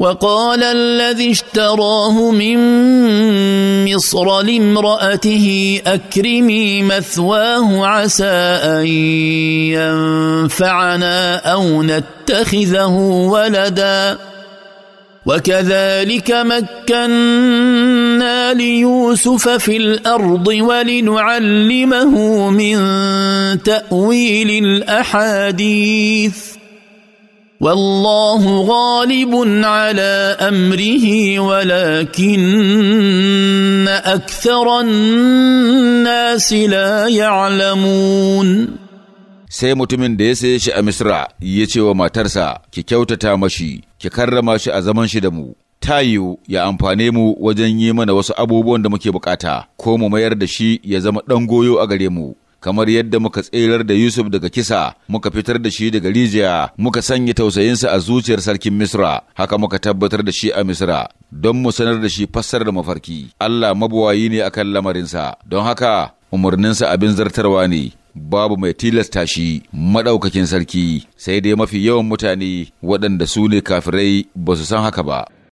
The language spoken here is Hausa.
وقال الذي اشتراه من مصر لامرأته أكرمي مثواه عسى أن ينفعنا أو نتخذه ولدا وكذلك مكنا ليوسف في الأرض ولنعلمه من تأويل الأحاديث والله غالب على امره ولكن اكثر الناس لا يعلمون sai mutumin da ya saye shi a misra ya ce wa matarsa ki kyautata mashi ki karrama shi a zaman shi da mu ta yiwu ya amfane mu wajen yi mana wasu abubuwan da muke bukata ko mu mayar da shi ya zama ɗan goyo a gare mu kamar yadda muka tserar da Yusuf daga kisa, muka fitar da shi daga rijiya, muka sanya tausayinsa a zuciyar sarkin Misra, haka muka tabbatar da shi a Misra, don mu sanar da shi fassar da mafarki. Allah mabuwayi ne akan lamarinsa, don haka umarninsa abin zartarwa ne. Babu mai tilasta shi maɗaukakin sarki, sai dai mafi yawan mutane waɗanda su ne kafirai ba su san haka ba.